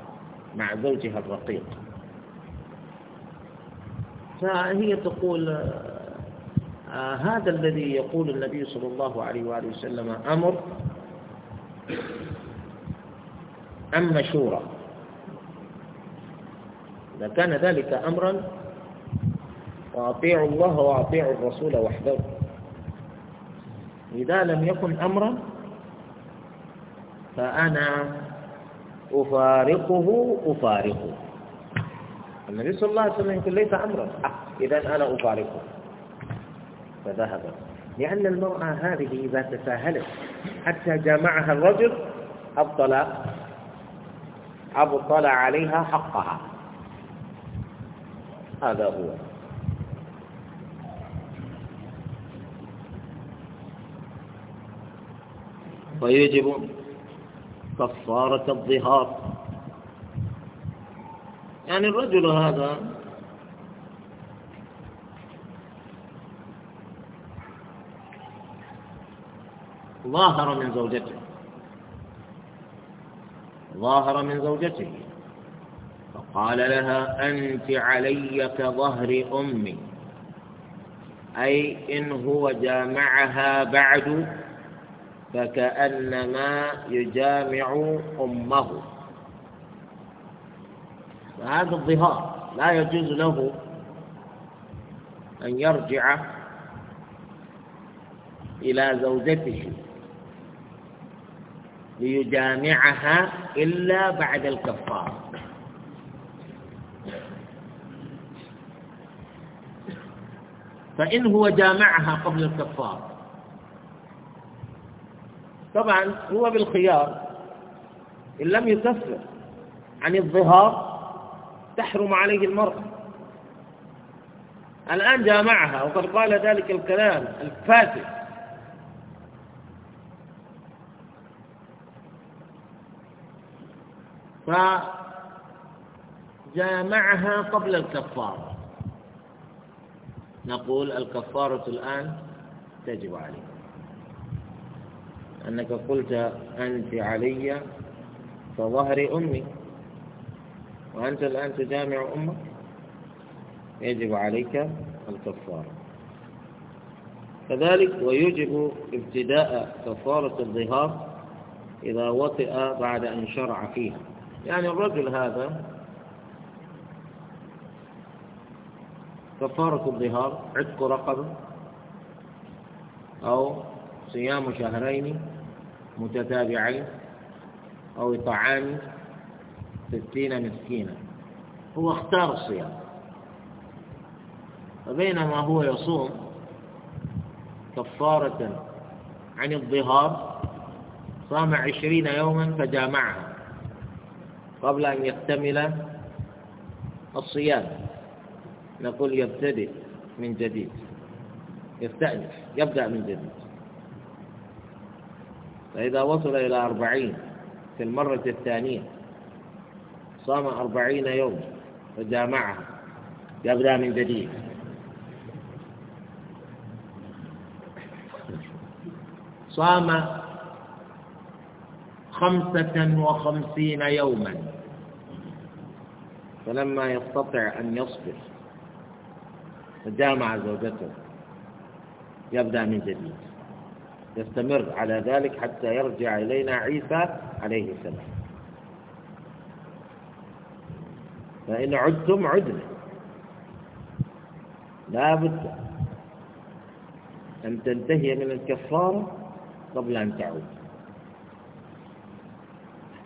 [SPEAKER 1] مع زوجها الرقيق فهي تقول آه، هذا الذي يقول النبي صلى الله عليه وآله وسلم أمر أم مشورة إذا كان ذلك أمرا وأطيعوا الله وأطيعوا الرسول وحده إذا لم يكن أمرا فأنا أفارقه أفارقه النبي صلى الله عليه وسلم يقول ليس أمرا آه، إذا أنا أفارقه فذهب لأن المرأة هذه إذا تساهلت حتى جامعها الرجل أبطل أبطل عليها حقها هذا هو فيجب كفارة الظهار يعني الرجل هذا ظاهر من زوجته ظاهر من زوجته فقال لها أنت علي كظهر أمي أي إن هو جامعها بعد فكأنما يجامع أمه فهذا الظهار لا يجوز له أن يرجع إلى زوجته ليجامعها إلا بعد الكفارة فإن هو جامعها قبل الكفارة طبعا هو بالخيار إن لم يكفر عن الظهار تحرم عليه المرأة الآن جامعها وقد قال ذلك الكلام الفاسد فجامعها قبل الكفارة نقول الكفارة الآن تجب عليه أنك قلت أنت علي كظهر أمي وأنت الآن تجامع أمك يجب عليك الكفارة كذلك ويجب ابتداء كفارة الظهار إذا وطئ بعد أن شرع فيها يعني الرجل هذا كفارة الظهار عتق رقبة أو صيام شهرين متتابعين أو إطعام ستين مسكينا هو اختار الصيام فبينما هو يصوم كفارة عن الظهار صام عشرين يوما فجامعها قبل أن يكتمل الصيام نقول يبتدئ من جديد يستأنف يبدأ من جديد فإذا وصل إلى أربعين في المرة الثانية صام أربعين يوم وجامعها يبدأ من جديد صام خمسة وخمسين يوما فلما يستطع أن يصبر فجامع زوجته يبدأ من جديد يستمر على ذلك حتى يرجع إلينا عيسى عليه السلام فإن عدتم عدنا لا بد أن تنتهي من الكفارة قبل أن تعود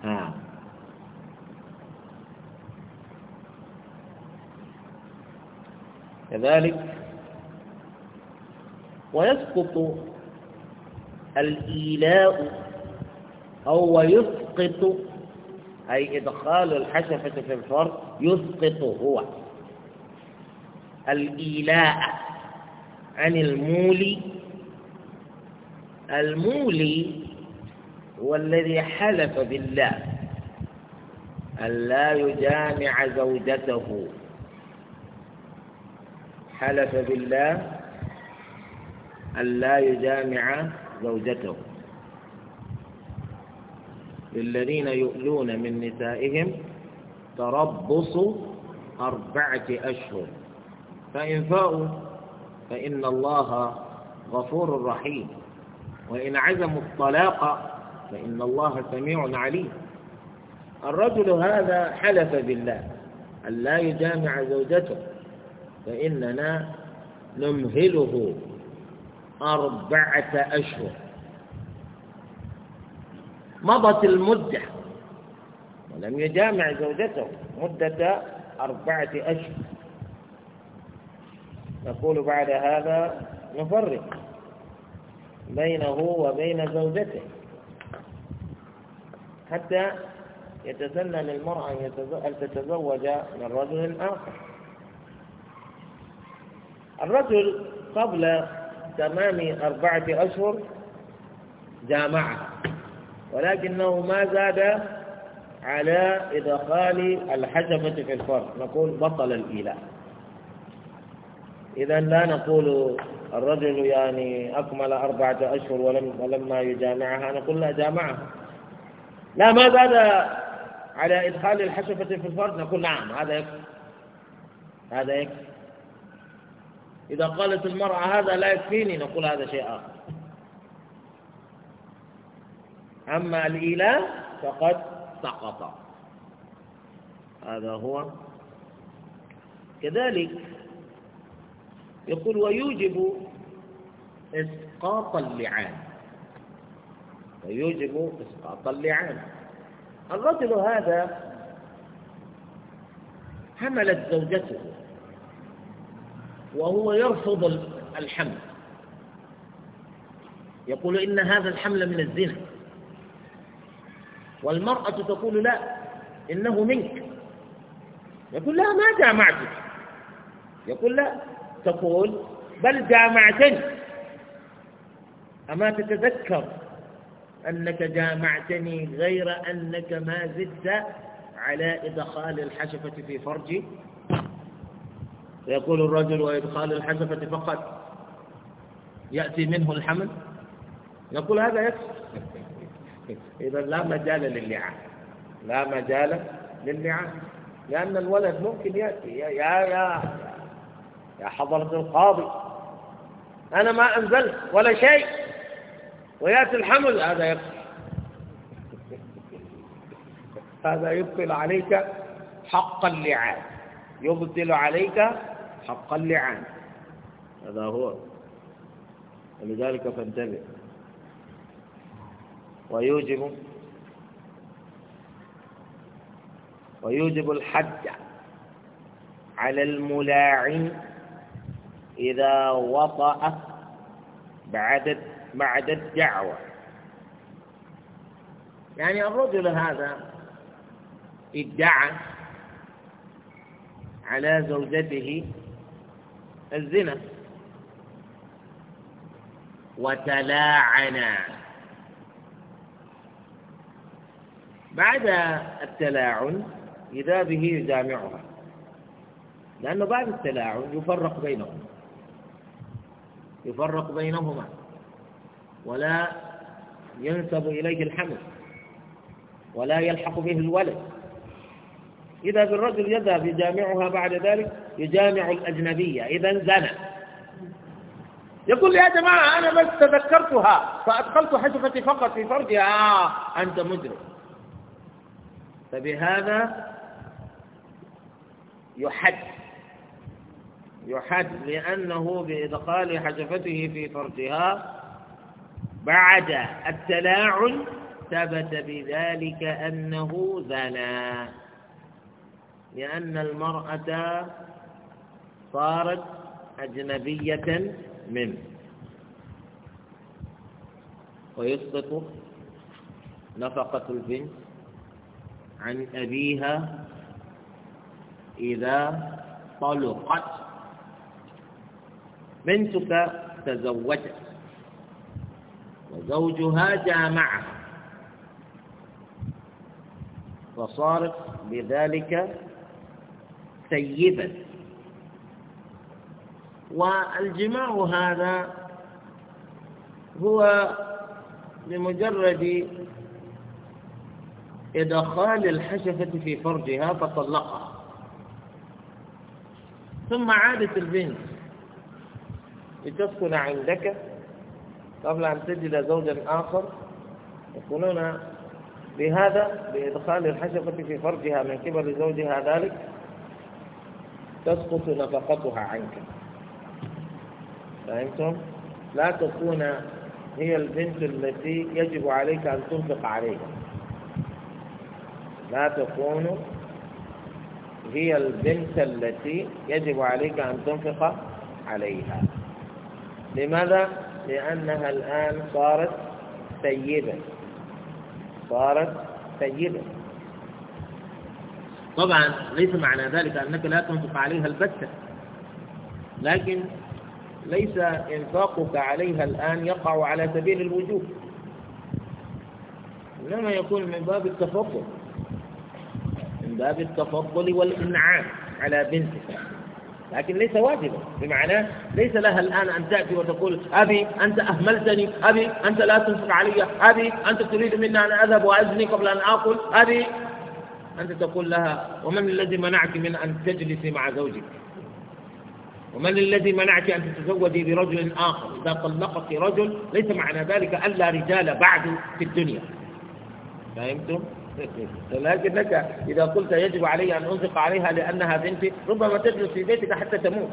[SPEAKER 1] ها كذلك ويسقط الإيلاء أو يسقط أي إدخال الحشفة في الفرد يسقط هو الإيلاء عن المولي المولي هو الذي حلف بالله ألا يجامع زوجته حلف بالله ألا يجامع زوجته للذين يؤلون من نسائهم تربص أربعة أشهر فإن فاؤوا فإن الله غفور رحيم وإن عزموا الطلاق فإن الله سميع عليم الرجل هذا حلف بالله أن لا يجامع زوجته فإننا نمهله أربعة أشهر مضت المدة ولم يجامع زوجته مدة أربعة أشهر نقول بعد هذا نفرق بينه وبين زوجته حتى يتسنى للمرأة أن تتزوج من رجل آخر الرجل قبل تمام أربعة أشهر جامعة ولكنه ما زاد على إدخال الحشفة في الفرد نقول بطل الإله إذا لا نقول الرجل يعني أكمل أربعة أشهر ولم ولما يجامعها نقول لا جامعها لا ما زاد على إدخال الحشفة في الفرد نقول نعم هذا يكفي هذا يكفي إذا قالت المرأة هذا لا يكفيني نقول هذا شيء آخر أما الإله فقد سقط هذا هو كذلك يقول ويوجب إسقاط اللعان ويوجب إسقاط اللعان الرجل هذا حملت زوجته وهو يرفض الحمل يقول إن هذا الحمل من الزنا والمرأة تقول لا إنه منك يقول لا ما جامعتك يقول لا تقول بل جامعتني أما تتذكر أنك جامعتني غير أنك ما زدت على إدخال الحشفة في فرج فيقول الرجل وإدخال الحزفة فقط يأتي منه الحمل يقول هذا يكفي إذا لا مجال للنعام لا مجال للنعام لأن الولد ممكن يأتي يا يا يا, يا حضرة القاضي أنا ما أنزلت ولا شيء ويأتي الحمل هذا يكفي هذا يبطل عليك حق اللعاب يبطل عليك حق اللعان هذا هو ولذلك فانتبه ويوجب ويوجب الحد على الملاعن إذا وطأ بعد بعد الدعوة يعني الرجل هذا ادعى على زوجته الزنا وتلاعنا بعد التلاعن إذا به يجامعها لأنه بعد التلاعن يفرق بينهما يفرق بينهما ولا ينسب إليه الحمل ولا يلحق به الولد إذا بالرجل يذهب يجامعها بعد ذلك يجامع الأجنبية إذا زنى يقول يا جماعة أنا بس تذكرتها فأدخلت حشفتي فقط في فرجها آه أنت مجرم فبهذا يحد يحد لأنه بإدخال حشفته في فرجها بعد التلاعن ثبت بذلك أنه زنى لأن المرأة صارت أجنبية منه ويسقط نفقة البنت عن أبيها إذا طلقت بنتك تزوجت وزوجها جامعها فصارت بذلك سيبت والجماع هذا هو بمجرد إدخال الحشفة في فرجها فطلقها ثم عادت البنت لتسكن عندك قبل أن تجد زوجا آخر يكونون بهذا بإدخال الحشفة في فرجها من قبل زوجها ذلك تسقط نفقتها عنك فهمتم؟ لا تكون هي البنت التي يجب عليك أن تنفق عليها لا تكون هي البنت التي يجب عليك أن تنفق عليها لماذا؟ لأنها الآن صارت سيدة صارت سيدة طبعا ليس معنى ذلك أنك لا تنفق عليها البتة لكن ليس إنفاقك عليها الآن يقع على سبيل الوجوب إنما يكون من باب التفضل من باب التفضل والإنعام على بنتك لكن ليس واجبا بمعنى ليس لها الآن أن تأتي وتقول أبي أنت أهملتني أبي أنت لا تنفق علي أبي أنت تريد مني أن أذهب وأزني قبل أن آكل أبي أنت تقول لها ومن الذي منعك من أن تجلسي مع زوجك ومن الذي منعك أن تتزوجي برجل آخر إذا طلقت رجل ليس معنى ذلك ألا رجال بعد في الدنيا فهمتم؟ لكنك إذا قلت يجب علي أن أنفق عليها لأنها بنتي ربما تجلس في بيتك حتى تموت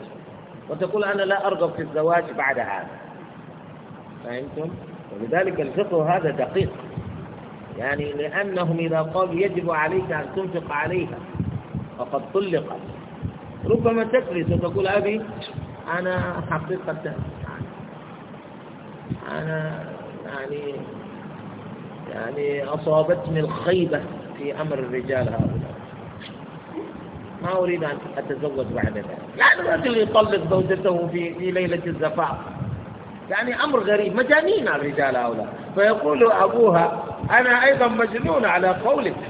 [SPEAKER 1] وتقول أنا لا أرغب في الزواج بعد هذا فهمتم؟ ولذلك الفقه هذا دقيق يعني لأنهم إذا قالوا يجب عليك أن تنفق عليها فقد طلقت ربما تكرس وتقول أبي أنا حقيقة أنا يعني يعني أصابتني الخيبة في أمر الرجال هؤلاء ما أريد أن أتزوج بعد ذلك يعني الرجل يطلق زوجته في في ليلة الزفاف يعني أمر غريب مجانين الرجال هؤلاء فيقول أبوها أنا أيضا مجنون على قولك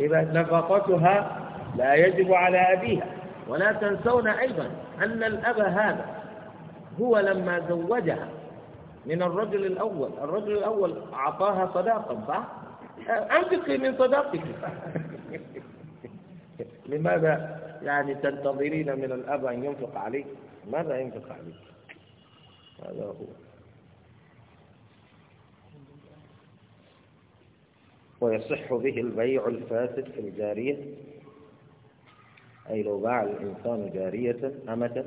[SPEAKER 1] إذا نفقتها لا يجب على أبيها ولا تنسون أيضا أن الأب هذا هو لما زوجها من الرجل الأول الرجل الأول أعطاها صداقا صح؟ أنفقي من صداقتك لماذا يعني تنتظرين من الأب أن ينفق عليك ماذا ينفق عليك هذا هو ويصح به البيع الفاسد في الجارية أي لو باع الإنسان جارية أمة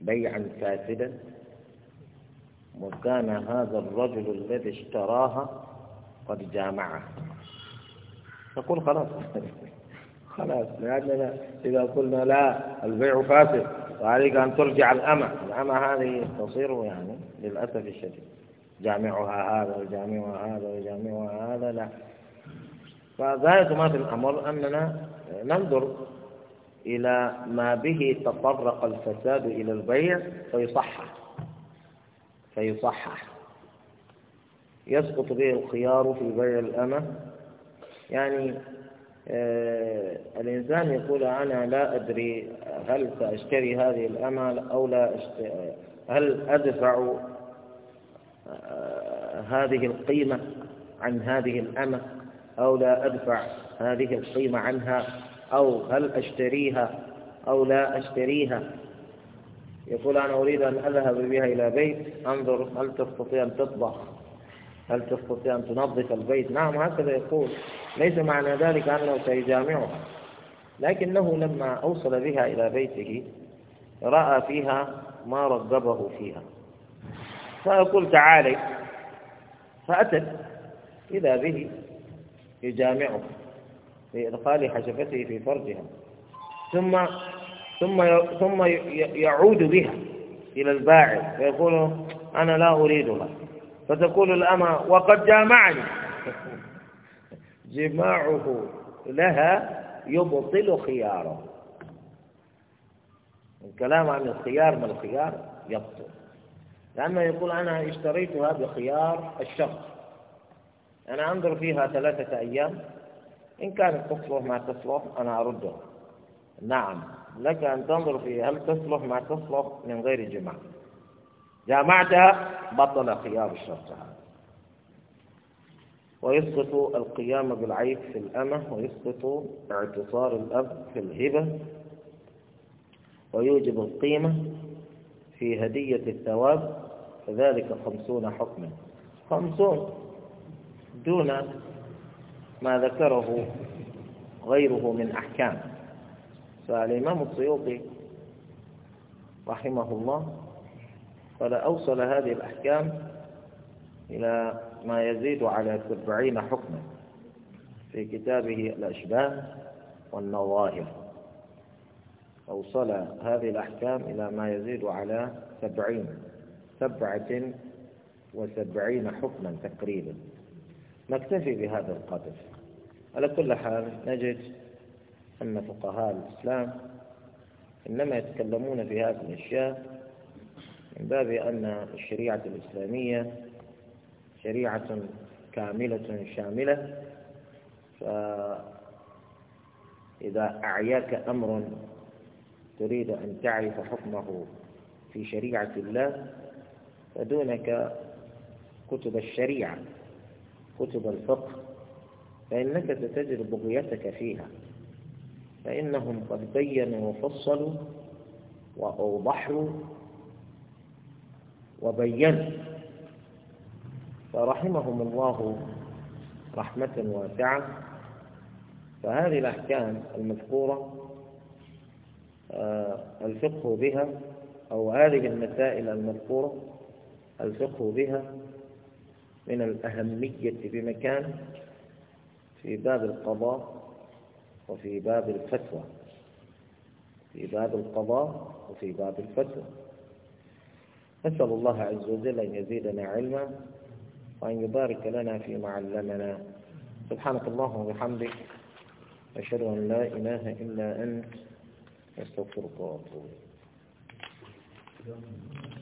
[SPEAKER 1] بيعا فاسدا وكان هذا الرجل الذي اشتراها قد جامعه نقول خلاص خلاص لأننا إذا قلنا لا البيع فاسد وعليك أن ترجع الأمة الأمة هذه تصير يعني للأسف الشديد جامعها هذا وجامعها هذا وجامعها هذا لا فغاية ما في الأمر أننا ننظر إلى ما به تطرق الفساد إلى البيع فيصحح فيصحح يسقط به الخيار في بيع الأمة يعني آه الإنسان يقول أنا لا أدري هل سأشتري هذه الأمة أو لا أشتري هل أدفع آه، هذه القيمة عن هذه الأمة أو لا أدفع هذه القيمة عنها أو هل أشتريها أو لا أشتريها يقول أنا أريد أن أذهب بها إلى بيت أنظر هل تستطيع أن تطبخ هل تستطيع أن تنظف البيت نعم هكذا يقول ليس معنى ذلك أنه سيجامعها لكنه لما أوصل بها إلى بيته رأى فيها ما رغبه فيها فأقول تعالي فأتت إذا به يجامعه لإدخال حشفته في فرجها ثم ثم ثم يعود بها إلى الباعث فيقول أنا لا أريدها فتقول الأمة وقد جامعني جماعه لها يبطل خياره الكلام عن الخيار ما الخيار يبطل لأنه يقول أنا اشتريتها بخيار الشرط أنا أنظر فيها ثلاثة أيام إن كانت تصلح ما تصلح أنا أردها نعم لك أن تنظر فيها هل تصلح ما تصلح من غير جمع جامعتها بطل خيار الشرط هذا ويسقط القيام بالعيب في الأمة ويسقط اعتصار الأب في الهبة ويوجب القيمة في هدية الثواب فذلك خمسون حكما خمسون دون ما ذكره غيره من أحكام فالإمام السيوطي رحمه الله قد أوصل هذه الأحكام إلى ما يزيد على سبعين حكما في كتابه الأشباه والنظائر أوصل هذه الأحكام إلى ما يزيد على سبعين سبعة وسبعين حكما تقريبا نكتفي بهذا القدر على كل حال نجد أن فقهاء الإسلام إنما يتكلمون في هذه الأشياء من باب أن الشريعة الإسلامية شريعة كاملة شاملة فإذا أعياك أمر تريد أن تعرف حكمه في شريعة الله فدونك كتب الشريعة كتب الفقه فإنك ستجد بغيتك فيها فإنهم قد بينوا وفصلوا وأوضحوا وبينوا فرحمهم الله رحمة واسعة فهذه الأحكام المذكورة آه، الفقه بها أو هذه المسائل المذكورة الفقه بها من الأهمية بمكان في باب القضاء وفي باب الفتوى في باب القضاء وفي باب الفتوى نسأل الله عز وجل أن يزيدنا علما وأن يبارك لنا فيما علمنا سبحانك اللهم وبحمدك أشهد أن لا إله إلا أنت
[SPEAKER 2] Este por é o